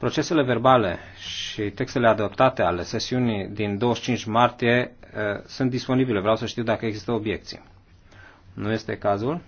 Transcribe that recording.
Procesele verbale și textele adoptate ale sesiunii din 25 martie uh, sunt disponibile. Vreau să știu dacă există obiecții. Nu este cazul.